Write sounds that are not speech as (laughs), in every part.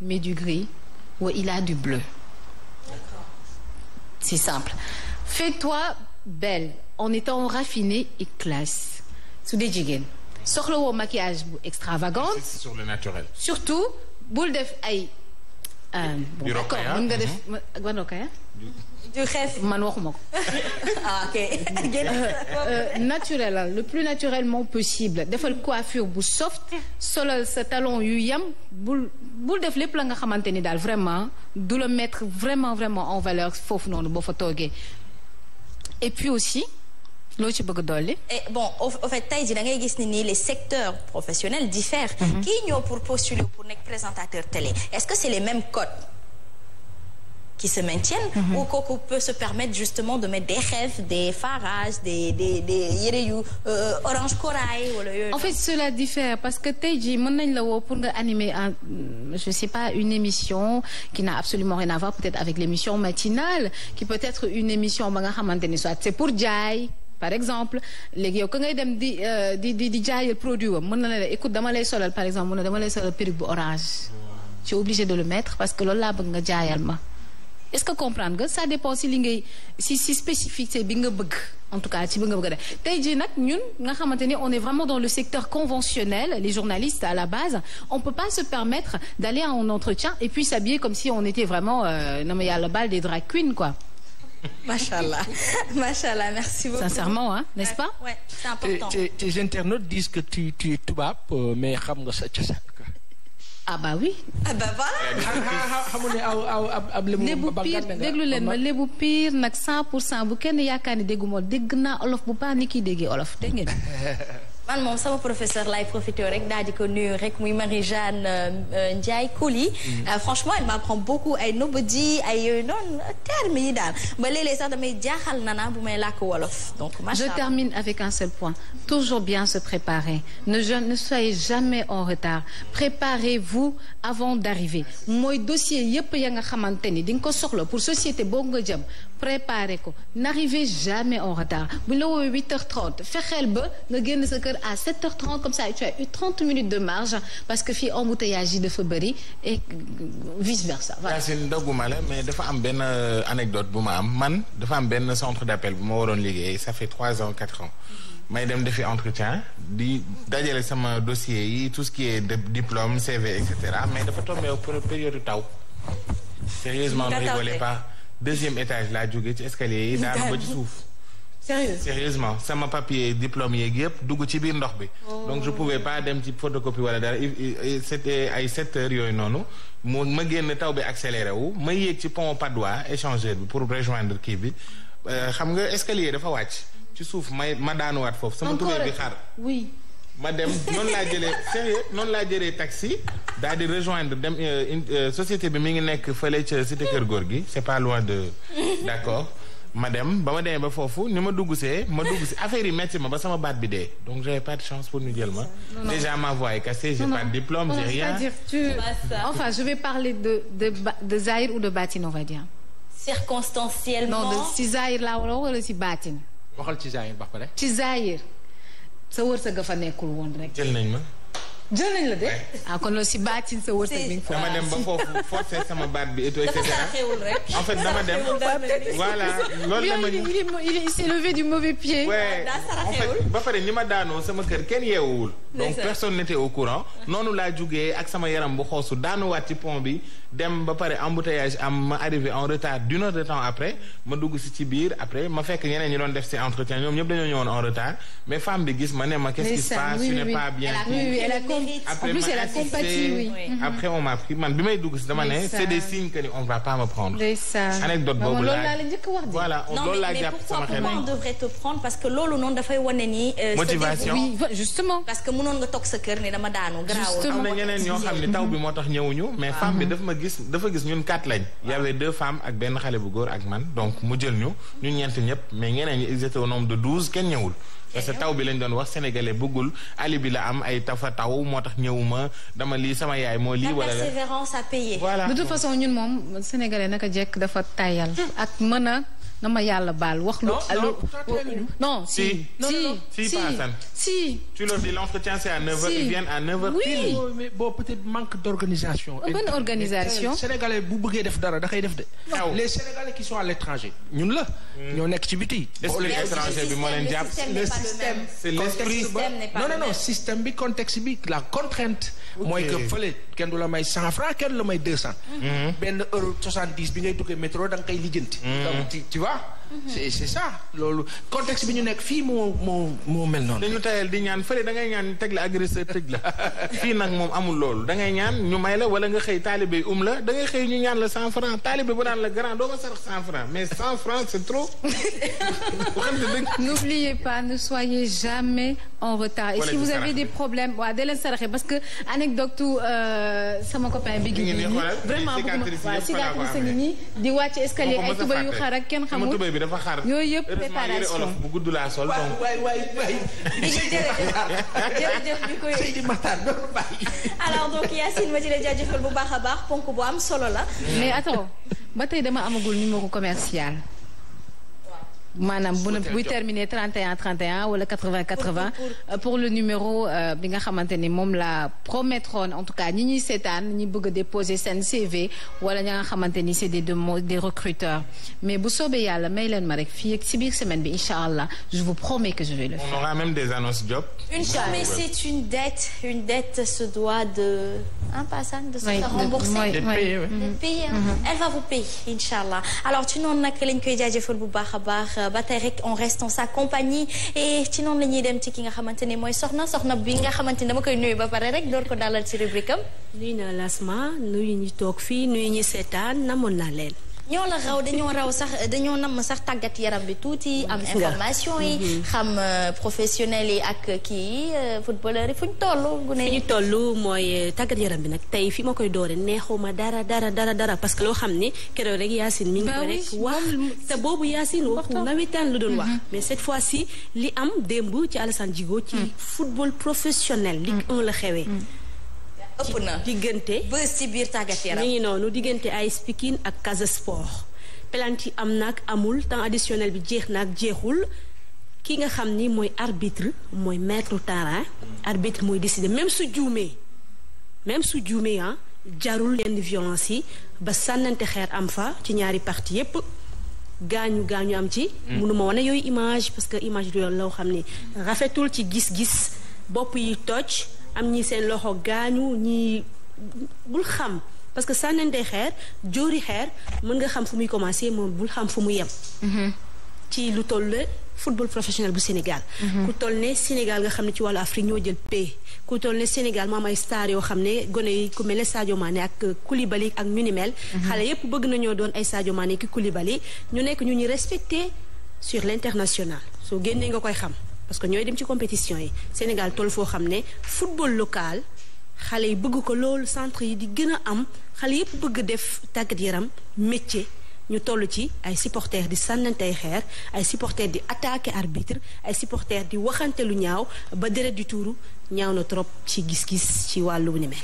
met du gris ou il a du bleu. C'est simple. Fais-toi belle en étant raffinée et classe. su dee jigéen soxla woo maquillage bu extravagante. surtout bul def ay. Euh, du rocaille ah bon d'accord mën (laughs) ah ok. (laughs) Euh, euh, naturel le plus naturellement possible defal coiffure bu soft solo sa talon yu yam bul bul def lépp la nga xamante ni daal vraiment du la mettre vraiment vraiment en valeur foofu noonu boo fa toogee et puis aussi. loo ci bëgg dolli. et bon au fait tey jii da ngay gis ni nii les secteurs professionnels diffèrent. Mm-hmm. kii ñëw pour postuler pour nekk présentateur télé est-ce que c'est les mêmes codes. qui se maintiennent mm -hmm. ou kooku peut se permettre justement de mettre des rêves des farages des des euh, orange corail en fait cela diffère parce que tey jii mën nañ la woo pour nga animer un je sais pas une émission qui n'a absolument rien à voir peut-être avec l'émission matinale qui peut être une émission ba nga xamante ni soit c'est pour jaay par exemple léegi yow di euh, di di di jaayal produit am na la ne écoute solal par exemple mën na dama lay solal orange tu es obligé de le mettre parce que loolu laa bëgg nga jaayal ma est-ce que comprendre nga ça dépend si li si si spécificité bi nga bëgg en tout cas ci bi nga bëgg tey jii nag ñun nga xamante ni on est vraiment dans le secteur conventionnel les journalistes à la base on peut pas se permettre d'aller en entretien et puis s'habiller comme si on était vraiment euh, na ma yàlla baal des drag queens quoi macha allah (laughs) macha allah merci beaucoup sincèrement hein n'est-ce pas. Ouais, c'est important. tes internautes disent que tu tu es tubaab euh, mais xam nga sa cosaan ah bah oui. ah bah voilà. xamul ne aw aw ab lébu. lébu pire déglu leen ma lébu pire nag 100 pour cent bu kenn yaakaar ni déggu ma dégg naa olof bu baax ni kiy déggee olof dégg ngeen. (laughs) man moom sama professeur lay profité rek daal di ko nuyu rek muy Marie-Jeanne euh, euh, Ndiaye Coly mm-hmm. euh, franchement elle m'apprend beaucoup ay nobody ay yooyu noonu termes yi daal ba léeg-léeg sax damay bu may làkk wolof donc je termine avec un seul point toujours bien se préparer ne je ne soyez jamais en retard préparez-vous avant d'arriver mooy dossier yépp ya nga xamante ni di nga ko soxla pour société boobu nga jëm préparer ko n'arrivez jamais en retard bu la woowee huit heures trente fexeel ba nga génn sa kër à sept heures trente comme ça tu as eu trente minutes de marge parce que fii embouteillage yi dafa bëri et vice versa. voilà Yacine dogguma la mais dafa am benn euh, anecdote bu ma am man dafa am benn centre d'appel bu ma waroon liggéey sa fait trois ans quatre ans. Mhm. may dem defi entretien di dajale sama dossier yi tout ce qui est diplôme CV et cetera mais dafa tombé au période taw. deuxième étage laa jóge ci escalier yi daanu ba ci suuf sérieux sérieusement sama papier diplôme yeeg yëpp dugg ci biir ndox bi oh. donc je pouvais pas dem ci photocopie wala dara c'était ay sept yooyu noonu mu ma génn taw bi accéléré wu ma yéeg ci pont Padois échangeur bi pour rejoindre kii bi euh, xam nga escalier dafa wàcc ci suuf may ma daanuwaat foofu sama tubéy bi xar ma dem noonu laa jëlee (laughs) sérieux noonu laa jëlee taxi daal di rejoindre dem euh, euh, société bi mi ngi nekk fële ca cité Kër Góor gi c'est pas loin de (laughs) d'accord ma dem ba ma demee ba foofu ni ma dugg see ma dugg si affaire yi metti ma ba sama baat bi dee donc j'avais pas de chance pour ñu jël ma déjà ma voix est cassée j'ai pas de diplôme j'ai rien enfin je vais parler de de de Zahir ou de Batine on va dire circonstanciellement non de si Zahir laa wala si Batine waxal ci Zahir ba ci Zahir sa wërsëg a fa nekkul woon rek. jël nañ ma. jël de. ah kon loolu si baatin sa wërsëg mi dama dem ba foofu forcer sama baat bi et cetera. en fait dama dem. voilà loolu la ma ni. il s'est levé ah, ba pare ni ma daanoo sama kër kenn yeewuwul. donc personne n'était au courant. noonu laa jógee ak sama yaram bu xoosu daanuwaat ci pont bi dem ba pare embouteillage am ma arrivé en retard duno heure de temps après ma dugg si ci biir après ma fekk ñeneen ñi doon def si entretien ñoom ñëpp dañoo ñëwoon en retard mais femme bi gis ma ne ma qu'est-ce qui pas bien. vite. après en mhm. après on man bi may dugg si dama ne. c'est des signes que ni on va pas me prendre. anecdote boobu laa la njëkk a laa jàpp mais pourquoi on devrait prendre parce que loolu noonu dafay wane ni. Euh, motivation oui justement. parce que mënoon nga toog sa kër ne dama daanu. justement am na ñeneen ñoo xam ni taw bi moo tax ñëwuñu. mais femme bi dafa ma gis dafa gis ñun quatre lañ. y avait deux femmes ak benn xale bu góor ak man donc mu jël ñu ñun ñeent ñëpp mais ñeneen ñi ils étaient nombre de douze kenn ñëwul parce que taw bi lañ doon wax sénégalais bëggul ali bi la am ay tafa taw moo tax ñëwuma dama lii sama yaay moo lii. wala la persévérance à payer. façon ñun moom sénégalais naka jekk dafa tayal ak mën a na ma yàlla baal wax lu. non si si si si tu leur dis l'entretien c'est à 9h ils oh, manque d'organisation. bonne organisation sénégalais bu bëggee def dara daxay def de. Ah les sénégalais qui sont l'étranger ñun la. Hmm. ñoo nekk ci biti. étranger bi moo leen jàpp le système c'est l'esprit non système bi contexte bi la contrainte. mooy que fële kenn du la may cent francs kenn du la may deux cent. Hmm. benn euro soixante-dix bi ngay duggee métro da nga lijjanti. Hmm. tu vois. pas c'est c'est bi ñu nekk fii moo mel noonu. dañu tayal di ñaan fële da ngay ñaan teg la agresseur tëj la (laughs) fii nag moom amul loolu da ngay ñaan ñu may la wala nga xëy taalibe um la da ngay xëy ñu ñaan la cent franc taalibe bu daan la grand doo ma sarax cent franc mais cent franc c'est trop. (laughs) n'oubliez pas ne soyez jamais en retard. et si vous avez des problèmes waaw da leen saraxe parce que anecdote euh, sama copain bi. gi vraiment bëgg ma waaw cicatrice ngi nii di wàcc escalier ay dafa xaar. yooyu yëpp préparation olof bu gudd laa sol. donc waay waay waay. (laughs) jërëjëf ñu koy Seydi Makhtar doon bàyyi. alors donc Yacine ma ci lay bu baax a baax ponk bu am solo la. mais attends ba tey dama amagul numéro commercial. maanaam bu buy terminer 31 31 wala 80 80 pour le numéro euh, bi nga xamante ni moom la promettroon en tout cas ñi ñuy seetaan ñi bëgg a déposer seen CV wala ña nga xamante ni c'est des des recruteurs mais bu soobee yàlla may leen ma rek fii ci biir semaine bi incha allah je vous promets que je vais le faire. on de un se faire rembourser. de payer. Mm-hmm. elle va vous payer incha allah alors ci noonu nag lañ koy jaajëfal bu baax a baax. ba tey rek on reste sa compagnie et ci noonu la ñuy dem ci ki nga xamante ne mooy soxna soxna bi nga xamante ne dama koy nuyu ba pare rek door ko dalal ci rubrique am. nuyu naa Lasma nuyu ñu toog fii nuyu ñu seetaan namoon naa leen. ñoo la raw dañoo raw sax dañoo nam sax tàggat yaram bi tuuti mm. am information yi mm-hmm. xam euh, professionnel yi ak kii euh, footballeur yi fu ñu toll gune ñu toll mooy euh, tàggat yaram bi nag tey fi ma koy doore neexuma dara dara dara dara parce que loo xam ne keroog rek Yacine mi ngi ko rek wax te boobu Yacine waxu nawetaan lu doon wax mm-hmm. mais cette fois ci li am démb ci Alassane jigo ci mm. football professionnel Ligue 1 la xewee mm. ëpp na diggante ba si biir tàggat yaram ngi noonu diggante AS Pikine ak Casa Sport pelanti am nag amul temps additionnel bi jeex na ak jeexul ki nga xam ni mooy arbitre mooy maître terrain arbitre mooy décider même su juumee même su juumee ah jarul yenn violence yi ba sànnante xeer am fa ci ñaari parti yépp gaañu gaañu am ci mënuma mm. wane yooyu image parce que image du yoon loo xam ni rafetul ci gis-gis bopp yi toj am ñi seen loxo gaañu ñi bul xam parce que sànnante xeer jóori xeer mën nga xam fu muy commencé moom bul xam fu mu yem mm-hmm. ci lu toll la football professionnel bu Sénégal mm-hmm. ku toll ne Sénégal nga xam ne ci wàllu Afrique ñoo jël paie ku toll ne Sénégal moo am ay star yoo xam ne gone yi ku mel ne ak Koulibaly ak ñu ni mel mm-hmm. xale yépp bëgg nañoo doon ay Sadio Mané ki Koulibaly ñu nekk ñu ñu respecté sur l'international soo génnee nga koy xam parce que ñooy dem ci compétition yi Sénégal toll foo xam ne football local xale yi bëgg ko loolu centre yi di gën a am xale yépp bëgg def tàggat yaram métier ñu toll ci ay supporters di sànnante ay xeer ay supporters di attaquer arbitre ay supporters di waxante lu ñaaw ba deret di tuuru ñaaw na trop ci gis-gis ci wàllu ni mel.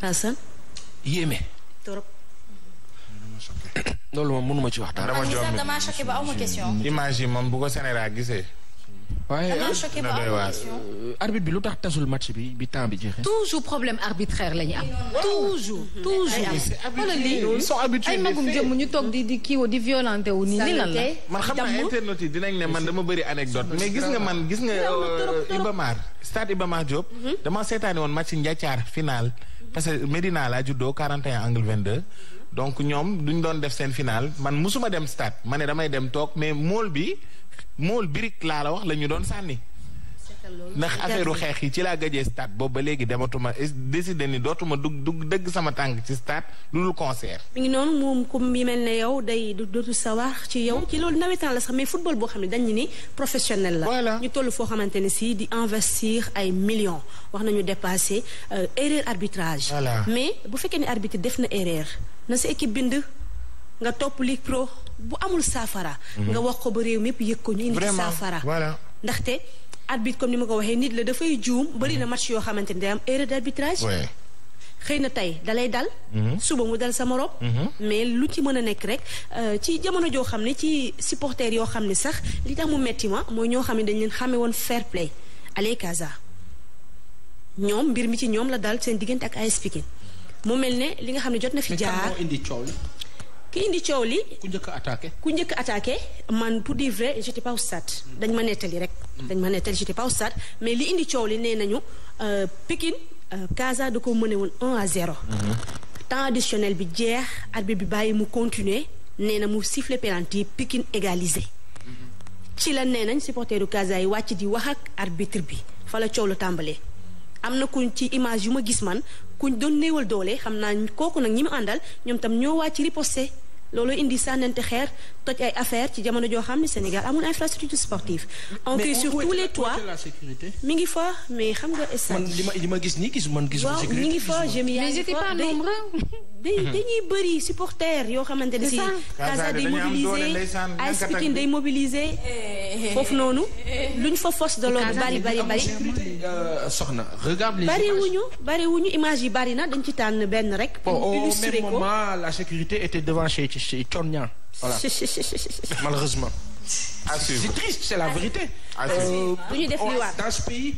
Assane. yéeme. (coughs) wax dara. dama choqué ba Ah, waaye euh, arbitre bi lu tax tasul match bi bi temps bi jeexee. toujours problème arbitraire la ñu am. toujours toujours. wala lii ay magum jëmm ñu toog di di kiiwoo di violenté wu nii nii lan la. man xam nga internet dinañ ne man dama bëri anecdote mais gis nga man gis nga euh, Ibamar stade Ibamar Diop. Mhm. dama seetaani woon match njaccaar final. parce que Medina laa juddoo 41 angle 22. donc ñoom duñ doon def seen final man musuma dem stade ma ne damay dem toog mais mool bi. mool birik laa la wax la ñu doon sànni. ndax affaireu xeex yi ci laa gëjee stade boobu ba léegi dematuma décidé ni dootuma dugg dugg dëgg sama tànk ci stade lu dul concert. mi ngi noonu moom ku mi mel ne yow day dootu sawar ci yow ci loolu nawetaan la sax mais football boo xam ne dañu ni professionnel la. voilà ñu toll foo xamante ne si di investir ay million wax nañu dépassé euh, erreur arbitrage. mais bu fekkee ne arbitre def na erreur na sa équipe bind. nga topp Ligue Pro bu amul saafara. Mhm. nga wax ko ba réew mépp yëg ko ñu indi saafara voilà ndaxte arbitre comme ni ma ko waxee nit la dafay juum mhm. bari na match yoo xamante ni day am erreur d'arbitrage xëy na tey dalay dal mhm. suba mu dal sa morom mais lu ci mën a nekk rek euh, ci jamono joo xam ne ci supporters yoo xam ne sax li tax mu metti ma mooy ñoo xam ne dañ leen xame woon fair play allez Casa ñoom mbir mi ci ñoom la dal seen diggante ak AS Pikine mu mel ne li nga xam ne jot na fi jaar ki indi coow li. ku njëkk a man pour dire vrai j'étais pas au stade. dañ ma nettali rek. Mm. dañ ma nettali j'étais pas au stade mais li indi coow li nee nañu euh, Pikine euh, Casa da ko mëne woon 1 à 0. Mhm. temps additionnel bi jeex arbitre bi bàyyi mu continuer nee na mu siffler penalty Pikine égalisé. Mhm. ci la nee nañ supporteru Casa yi wàcc di wax ak arbitre bi fa la coow lu tàmbalee am na ku ci image yu ma gis man kuñ doon néewal doole xam naa kooku nag ñi mu àndal ñoom tam ñoo wàcc riposté loolu indi sànnante xeer toj ay affaire ci jamono joo xam ne Sénégal amul infrastructure sportive. on crie mi ngi fa mais xam nga. man li ma li ma gis nii gis man gisuma sécurité. waaw mi ngi fa je mais j'étais (laughs) ne si. Casa day mobiliser AS day mobiliser. (laughs) foofu noonu luñ fa force de l'ordre bari bari bari. soxna regarde les bari wuñu bari image yi bari na dañ ci tànn benn rek. pour illustrer ko la sécurité était devant chez chez Thion voilà malheureusement. à ah, suivre c'est triste c'est la vérité. bu ah, euh, ñu def li waat